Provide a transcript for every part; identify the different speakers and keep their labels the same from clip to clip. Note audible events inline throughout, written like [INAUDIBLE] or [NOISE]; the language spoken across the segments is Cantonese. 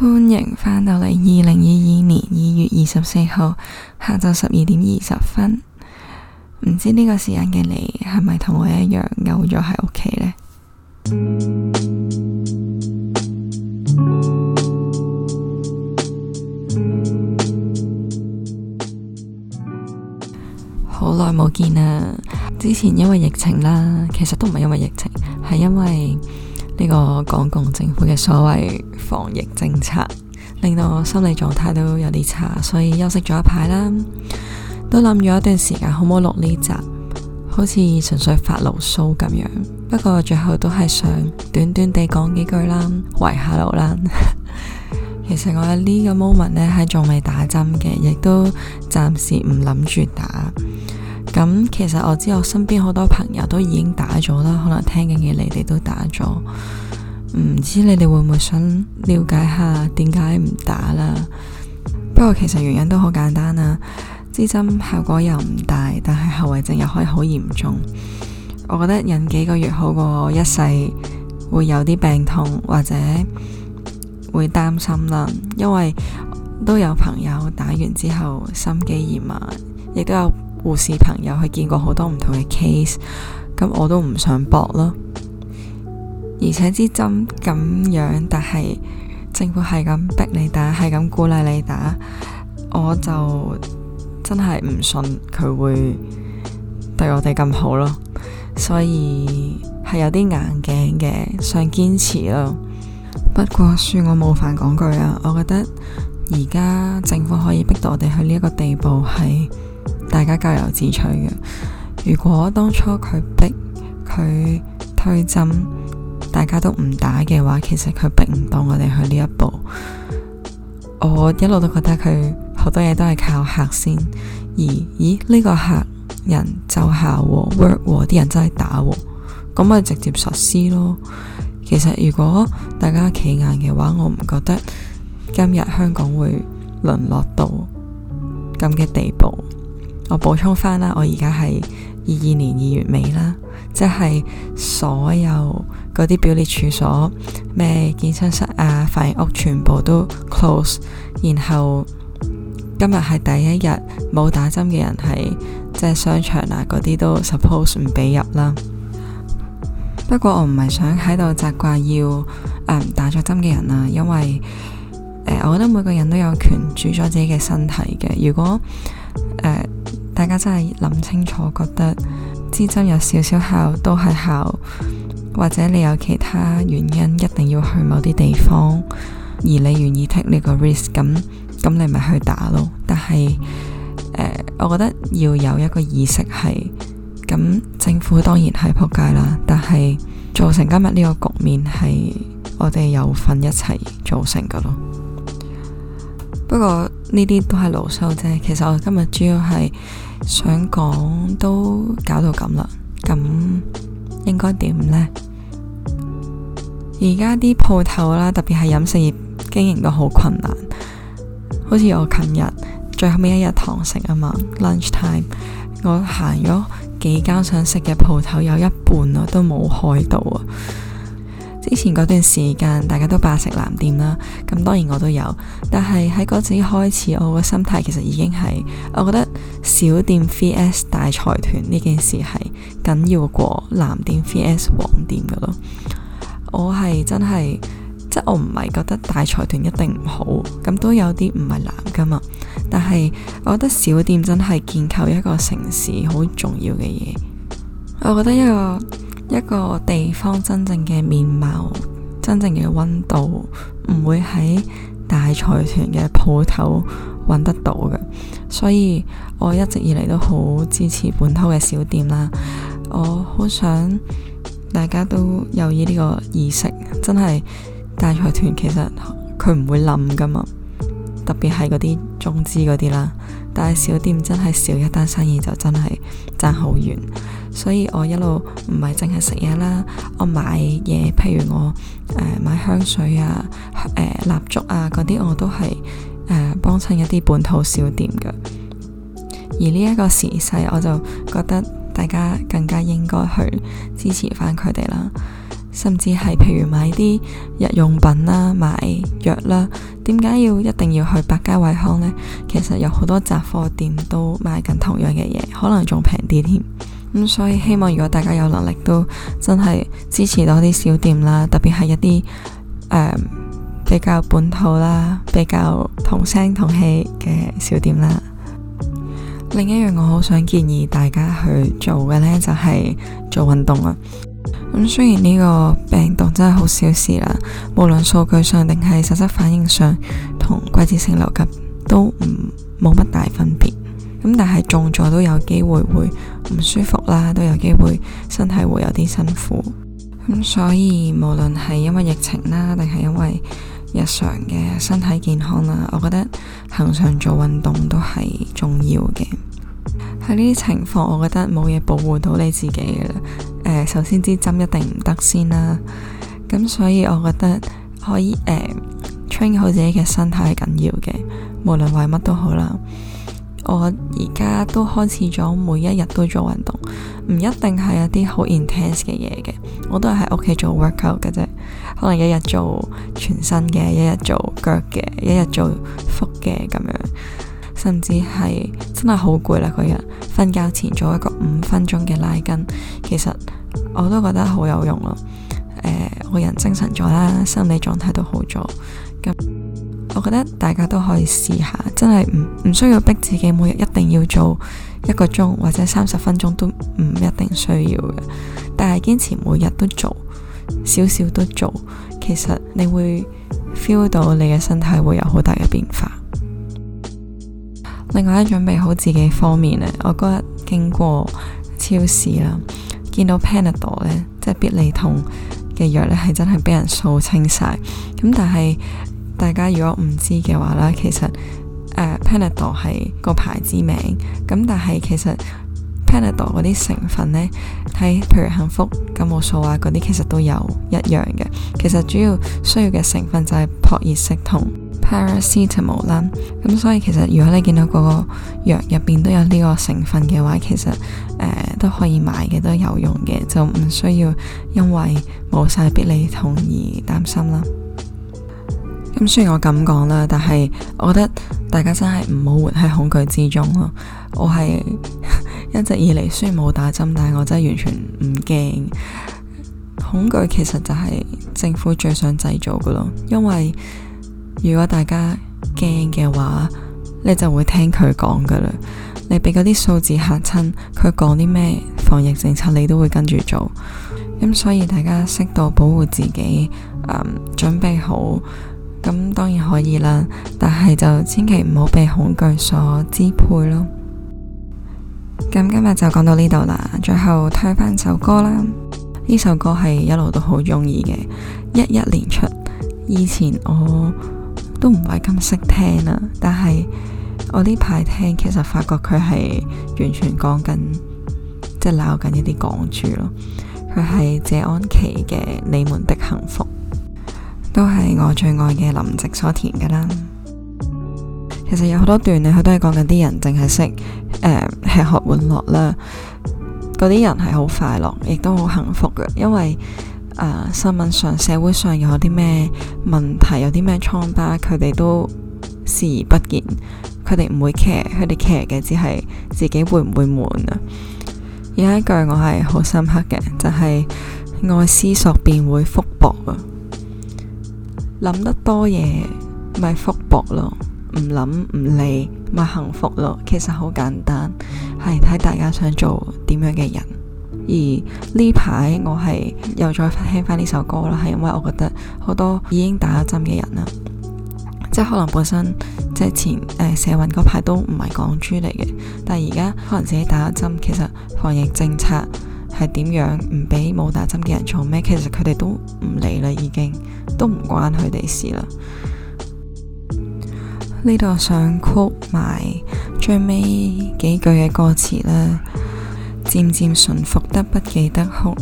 Speaker 1: 歡迎返到嚟，二零二二年二月二十四號下晝十二點二十分。唔知呢個時間嘅你係咪同我一樣漚咗喺屋企呢？好耐冇見啦！之前因為疫情啦，其實都唔係因為疫情，係因為。呢個港共政府嘅所謂防疫政策，令到我心理狀態都有啲差，所以休息咗一排啦，都諗咗一段時間，可唔可以錄呢集？好似純粹發牢騷咁樣。不過最後都係想短短地講幾句啦，維下路啦。 [LAUGHS] 其實我喺呢個 moment 呢，係仲未打針嘅，亦都暫時唔諗住打。咁其實我知我身邊好多朋友都已經打咗啦，可能聽緊嘢，你哋都打咗，唔知你哋會唔會想了解下點解唔打啦？不過其實原因都好簡單啦，啊，支針效果又唔大，但係後遺症又可以好嚴重。我覺得忍幾個月好過一世會有啲病痛或者會擔心啦，因為都有朋友打完之後心肌炎啊，亦都有護士朋友佢見過好多唔同嘅 case，咁我都唔想搏咯。而且支針咁樣，但係政府係咁逼你打，係咁鼓勵你打，我就真係唔信佢會對我哋咁好咯。所以係有啲硬頸嘅，想堅持咯。不過算我冒犯講句啊，我覺得而家政府可以逼到我哋去呢一個地步係大家咎由自取嘅。如果當初佢逼佢，推針，大家都唔打嘅話，其實佢逼唔到我哋去呢一步。我一路都覺得佢好多嘢都係靠客先。而咦呢、呢個客人，下、哦哦人哦、就下喎 work 喎啲人真係打喎，咁咪直接實施咯。其實如果大家企硬嘅話，我唔覺得今日香港會淪落到咁嘅地步。我補充返啦，我而家係二二年二月尾啦，即係所有嗰啲表列處所咩健身室啊、髮型屋全部都 close，然後今日係第一日冇打針嘅人係即係商場啊嗰啲都 suppose 唔俾入啦。不過我唔係想喺度責怪要誒、呃、打咗針嘅人啊，因為、呃、我覺得每個人都有權主咗自己嘅身體嘅，如果誒。呃大家真係諗清楚，覺得支針有少少效都係效，或者你有其他原因一定要去某啲地方，而你願意 take 你個 risk，咁咁你咪去打咯。但係、呃、我覺得要有一個意識係，咁政府當然係仆街啦，但係造成今日呢個局面係我哋有份一齊造成噶咯。不過呢啲都係牢騷啫，其實我今日主要係想講都搞到咁啦，咁應該點呢？而家啲鋪頭啦，特別係飲食業經營都好困難，好似我琴日最後尾一日堂食啊嘛，lunch time，我行咗幾間想食嘅鋪頭，有一半啊都冇開到啊！之前嗰段時間大家都罷食藍店啦，咁當然我都有，但係喺嗰陣開始我個心態其實已經係，我覺得小店 VS 大財團呢件事係緊要過藍店 VS 黃店㗎囉。我係真係，即係我唔係覺得大財團一定唔好，咁都有啲唔係藍㗎嘛。但係我覺得小店真係建構一個城市好重要嘅嘢，我覺得一個。一個地方真正嘅面貌、真正嘅溫度，唔會喺大財團嘅鋪頭揾得到嘅，所以我一直以嚟都好支持本土嘅小店啦。我好想大家都有意呢個意識，真係大財團其實佢唔會冧噶嘛，特別係嗰啲中資嗰啲啦。但係小店真係少一單生意就真係爭好遠，所以我一路唔係淨係食嘢啦，我買嘢，譬如我誒、呃、買香水啊、誒蠟燭啊嗰啲，我都係誒幫襯一啲本土小店嘅。而呢一個時勢，我就覺得大家更加應該去支持返佢哋啦。甚至係譬如買啲日用品啦，買藥啦，點解要一定要去百佳惠康呢？其實有好多雜貨店都賣緊同樣嘅嘢，可能仲平啲添。咁、嗯、所以希望如果大家有能力都真係支持多啲小店啦，特別係一啲誒、呃、比較本土啦、比較同聲同氣嘅小店啦。另一樣我好想建議大家去做嘅呢，就係、是、做運動啊！咁、嗯、雖然呢個病毒真係好小事啦，無論數據上定係實質反應上，同季節性流感都唔冇乜大分別。咁、嗯、但係中咗都有機會會唔舒服啦，都有機會身體會有啲辛苦。咁、嗯、所以無論係因為疫情啦，定係因為日常嘅身體健康啦，我覺得恒常做運動都係重要嘅。喺呢啲情況，我覺得冇嘢保護到你自己嘅。誒、呃，首先支針一定唔得先啦。咁所以，我覺得可以誒，train、呃、好自己嘅身體係緊要嘅。無論為乜都好啦。我而家都開始咗，每一日都做運動，唔一定係一啲好 intense 嘅嘢嘅。我都係喺屋企做 workout 嘅啫。可能一日做全身嘅，一日做腳嘅，一日做腹嘅咁樣。甚至係真係好攰啦，嗰日瞓覺前做一個五分鐘嘅拉筋，其實我都覺得好有用咯。誒、呃，我人精神咗啦，心理狀態都好咗。咁，我覺得大家都可以試下，真係唔唔需要逼自己每日一定要做一個鐘或者三十分鐘都唔一定需要嘅，但係堅持每日都做，少少都做，其實你會 feel 到你嘅身體會有好大嘅變化。另外一，一準備好自己方面咧，我嗰日經過超市啦，見到 Panadol 咧，即係必利痛嘅藥咧，係真係俾人掃清晒。咁但係大家如果唔知嘅話咧，其實、uh, Panadol 係個牌子名。咁但係其實 Panadol 嗰啲成分咧，喺譬如幸福感冒素啊嗰啲，其實都有一樣嘅。其實主要需要嘅成分就係撲熱息痛，paracetamol 啦，咁所以其實如果你見到個藥入邊都有呢個成分嘅話，其實誒、呃、都可以買嘅，都有用嘅，就唔需要因為冇晒必理痛而擔心啦。咁雖然我咁講啦，但係我覺得大家真係唔好活喺恐懼之中咯。我係 [LAUGHS] 一直以嚟雖然冇打針，但係我真係完全唔驚。恐懼其實就係政府最想製造噶咯，因為。如果大家驚嘅話，你就會聽佢講噶啦。你俾嗰啲數字吓親，佢講啲咩防疫政策，你都會跟住做。咁所以大家適度保護自己，誒、嗯，準備好咁當然可以啦。但係就千祈唔好被恐懼所支配咯。咁今日就講到呢度啦。最後推返首歌啦，呢首歌係一路都好中意嘅，一一年出，以前我。都唔係咁識聽啦，但係我呢排聽，其實發覺佢係完全講緊，即係鬧緊一啲港豬咯。佢係謝安琪嘅《你們的幸福》，都係我最愛嘅林夕所填㗎啦。其實有好多段咧，佢都係講緊啲人淨係識誒吃喝玩樂啦，嗰啲人係好快樂，亦都好幸福嘅，因為。誒，uh, 新聞上、社會上有啲咩問題，有啲咩瘡疤，佢哋都視而不見，佢哋唔會 care，佢哋 care 嘅只係自己會唔會悶啊。有一句我係好深刻嘅，就係、是、愛思索便會福薄啊，諗得多嘢咪福薄咯，啊，唔諗唔理咪幸福咯，啊。其實好簡單，係睇大家想做點樣嘅人。而呢排我係又再聽翻呢首歌啦，係因為我覺得好多已經打咗針嘅人啦，即係可能本身之前誒、呃、社運嗰排都唔係港豬嚟嘅，但係而家可能自己打咗針，其實防疫政策係點樣唔俾冇打針嘅人做咩？其實佢哋都唔理啦，已經都唔關佢哋事啦。呢度想 quote 埋最尾幾句嘅歌詞啦。漸漸馴服得不記得哭，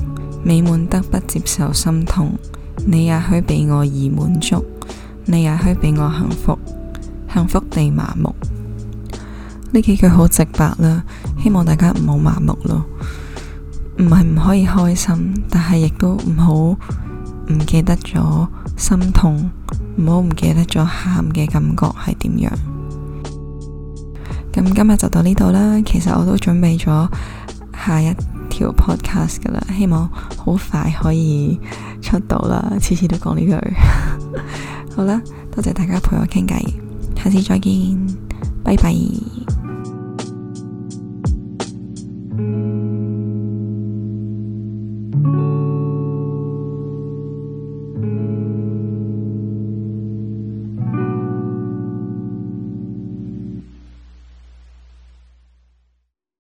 Speaker 1: 美滿得不接受心痛。你也許比我易滿足，你也許比我幸福，幸福地麻木。呢幾句好直白啦，希望大家唔好麻木咯。唔係唔可以開心，但係亦都唔好唔記得咗心痛，唔好唔記得咗喊嘅感覺係點樣。咁今日就到呢度啦。其實我都準備咗。下一條 podcast 噶啦，希望好快可以出到啦！次次都講呢句， [LAUGHS] 好啦，多謝大家陪我傾偈，下次再見，拜拜。